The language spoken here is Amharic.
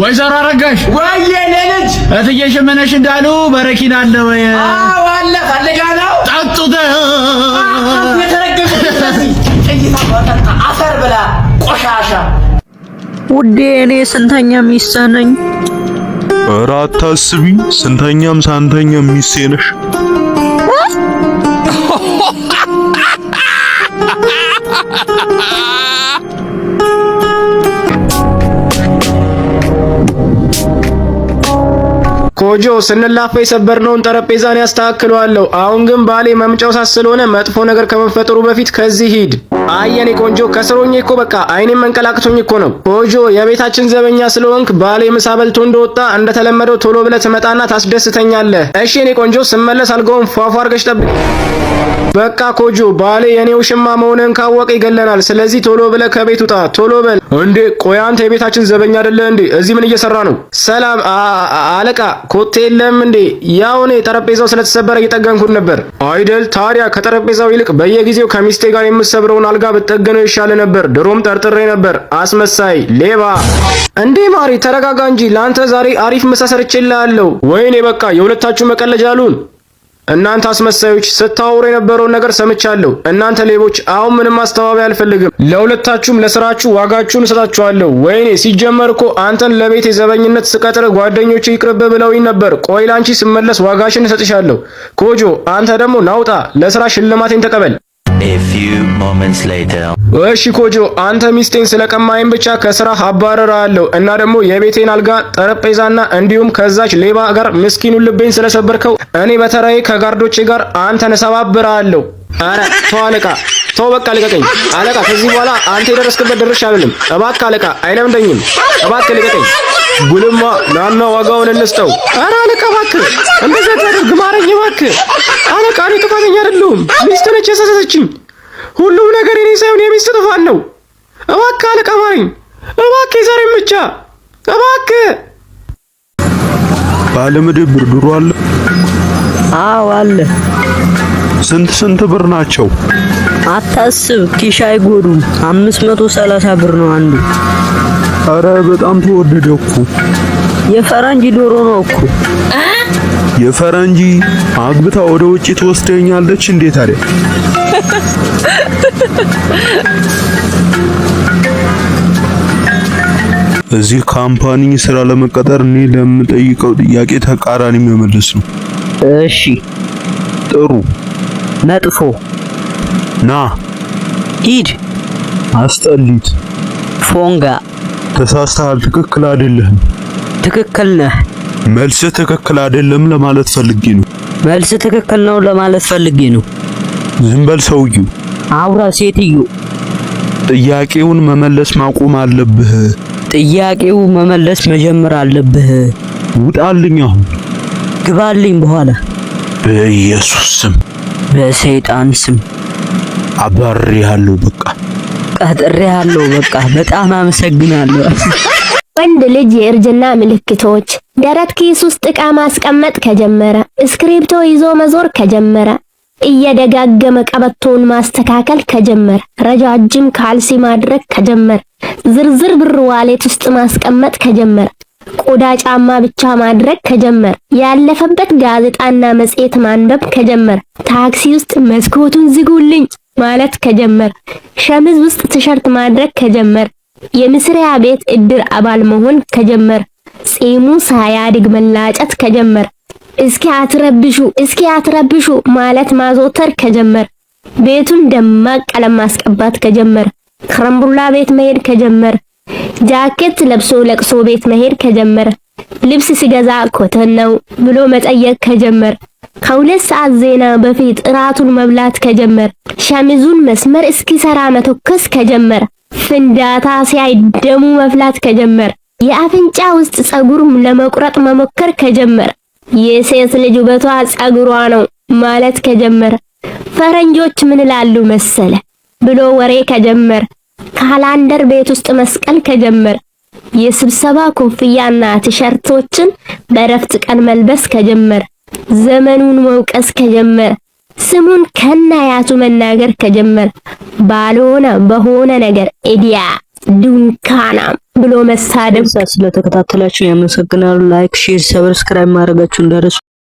ወይዘሮ አረጋሽ ወይዬ ለልጅ እትዬ ሽመነሽ እንዳሉ በረኪና አለ ወይ? አዎ አለ። ፈልጋለሁ ጠጡት። አፈር ብላ ቆሻሻ ውዴ፣ እኔ ስንተኛ ሚስት ነኝ? ኧረ አታስቢ፣ ስንተኛም ሳንተኛም ሚስቴ ነሽ። ኮጆ ስንላፋ የሰበርነውን ጠረጴዛን ያስተካክለዋለሁ። አሁን ግን ባሌ መምጫው ሳት ስለሆነ መጥፎ ነገር ከመፈጠሩ በፊት ከዚህ ሂድ። አየኔ ቆንጆ ከስሮኝ እኮ በቃ አይኔም መንቀላቅቶኝ እኮ ነው። ኦጆ የቤታችን ዘበኛ ስለሆንክ ባሌ ምሳ በልቶ እንደወጣ እንደተለመደው ቶሎ ብለህ ትመጣና ታስደስተኛለህ። እሺ እኔ ቆንጆ ስመለስ አልጋውን ፏፏ አርገሽ ጠብቅ። በቃ ኮጆ ባሌ የኔ ውሽማ መሆንህን ካወቀ ይገለናል። ስለዚህ ቶሎ ብለህ ከቤት ውጣ፣ ቶሎ በል። እንዴ ቆይ አንተ የቤታችን ዘበኛ አይደለህ እንዴ? እዚህ ምን እየሰራ ነው? ሰላም አለቃ፣ ኮቴ የለም እንዴ? ያው እኔ ጠረጴዛው ስለተሰበረ እየጠገንኩን ነበር። አይደል ታዲያ ከጠረጴዛው ይልቅ በየጊዜው ከሚስቴ ጋር የምሰብረውን አልጋ ብጠገነው ይሻለ ነበር። ድሮም ጠርጥሬ ነበር። አስመሳይ ሌባ። እንዴ ማሪ ተረጋጋ እንጂ ለአንተ ዛሬ አሪፍ ምሳ ሰርቼልሃለሁ። ወይኔ በቃ የሁለታችሁ መቀለጃ አሉን። እናንተ አስመሳዮች ስታወሩ የነበረውን ነገር ሰምቻለሁ። እናንተ ሌቦች፣ አሁን ምንም ማስተባበያ አልፈልግም። ለሁለታችሁም ለስራችሁ ዋጋችሁን እሰጣችኋለሁ። ወይኔ ሲጀመር እኮ አንተን ለቤት የዘበኝነት ስቀጥር ጓደኞች ይቅርብ ብለውኝ ነበር። ቆይ ላንቺ ስመለስ ዋጋሽን እሰጥሻለሁ። ኮጆ፣ አንተ ደግሞ ናውጣ፣ ለስራ ሽልማቴን ተቀበል። እሺ ኮጆ አንተ ሚስቴን ስለቀማይም ብቻ ከስራ አባረራለሁ እና ደግሞ የቤቴን አልጋ ጠረጴዛና እንዲሁም ከዛች ሌባ ጋር ምስኪኑን ልቤን ስለሰበርከው እኔ በተራዬ ከጋርዶች ጋር አንተን እሰባብራለሁ። አረ ተው አለቃ፣ ተው በቃ ልቀቀኝ አለቃ። ከዚህ በኋላ አንተ የደረስክበት ድርሽ አይደለም። እባክ አለቃ፣ አይለምደኝም። እባክ ልቀቀኝ። ጉልማ ናና ዋጋውን እንስጠው። አረ አለቃ እባክ እንደዚህ ግማረኝ እባክህ። አለቃሉ ጥፋተኛ አይደለሁም። ሚስት ነች የሰሰተችኝ። ሁሉም ነገር የኔ ሳይሆን የሚስት ጥፋት ነው። እባክህ አለቃ ማረኝ እባክህ፣ የዛሬም ብቻ እባክህ። ባለምድብ ብር ድሮ አለ? አዎ አለ። ስንት ስንት ብር ናቸው? አታስብ፣ ኪሻ አይጎዱም። አምስት መቶ ሰላሳ ብር ነው አንዱ አረ በጣም ተወደደ እኮ። የፈረንጅ ዶሮ ነው እኮ። የፈረንጂ አግብታ ወደ ውጪ ትወስደኛለች እንዴ ታዲያ? እዚህ ካምፓኒ ስራ ለመቀጠር እኔ ለምጠይቀው ጥያቄ ተቃራኒ መመለስ ነው። እሺ፣ ጥሩ፣ መጥፎ፣ ና፣ ሂድ፣ አስጠሊት፣ ፎንጋ ተሳስተሃል። ትክክል አይደለህም። ትክክል ነህ። መልስ ትክክል አይደለም ለማለት ፈልጌ ነው። መልስ ትክክል ነው ለማለት ፈልጌ ነው። ዝም በል አውራ ሴትዮ። ጥያቄውን መመለስ ማቆም አለብህ። ጥያቄው መመለስ መጀመር አለብህ። ውጣልኝ አሁን። ግባልኝ በኋላ። በኢየሱስ ስም፣ በሰይጣን ስም አባሬ ያለው በቃ በቃ ጥሬ ያለው በቃ በጣም አመሰግናለሁ። ወንድ ልጅ የእርጅና ምልክቶች ደረት ኪስ ውስጥ እቃ ማስቀመጥ ከጀመረ፣ እስክሪብቶ ይዞ መዞር ከጀመረ፣ እየደጋገመ ቀበቶውን ማስተካከል ከጀመረ፣ ረጃጅም ካልሲ ማድረግ ከጀመረ፣ ዝርዝር ብር ዋሌት ውስጥ ማስቀመጥ ከጀመረ፣ ቆዳ ጫማ ብቻ ማድረግ ከጀመረ፣ ያለፈበት ጋዜጣና መጽሔት ማንበብ ከጀመረ፣ ታክሲ ውስጥ መስኮቱን ዝጉልኝ ማለት ከጀመር፣ ሸሚዝ ውስጥ ቲሸርት ማድረግ ከጀመር፣ የምስሪያ ቤት እድር አባል መሆን ከጀመር፣ ጺሙ ሳያድግ መላጨት ከጀመር፣ እስኪ አትረብሹ እስኪ አትረብሹ ማለት ማዞተር ከጀመር፣ ቤቱን ደማቅ ቀለም ማስቀባት ከጀመር፣ ክረምቡላ ቤት መሄድ ከጀመር፣ ጃኬት ለብሶ ለቅሶ ቤት መሄድ ከጀመር፣ ልብስ ሲገዛ ኮተን ነው ብሎ መጠየቅ ከጀመር ከሁለት ሰዓት ዜና በፊት እራቱን መብላት ከጀመረ፣ ሸሚዙን መስመር እስኪሰራ መተኮስ ከጀመረ፣ ፍንዳታ ሲያይ ደሙ መፍላት ከጀመረ፣ የአፍንጫ ውስጥ ጸጉር ለመቁረጥ መሞከር ከጀመረ፣ የሴት ልጅ ውበቷ ጸጉሯ ነው ማለት ከጀመረ፣ ፈረንጆች ምን ላሉ መሰለ ብሎ ወሬ ከጀመረ፣ ካላንደር ቤት ውስጥ መስቀል ከጀመረ፣ የስብሰባ ኮፍያና ቲሸርቶችን በእረፍት ቀን መልበስ ከጀመረ ዘመኑን መውቀስ ከጀመረ ስሙን ከናያቱ መናገር ከጀመረ ባልሆነ በሆነ ነገር ኤዲያ ዱንካና ብሎ መሳደብ። ስለተከታተላችሁ ያመሰግናሉ። ላይክ፣ ሼር፣ ሰብስክራይብ ማድረጋችሁ እንዳትረሱ።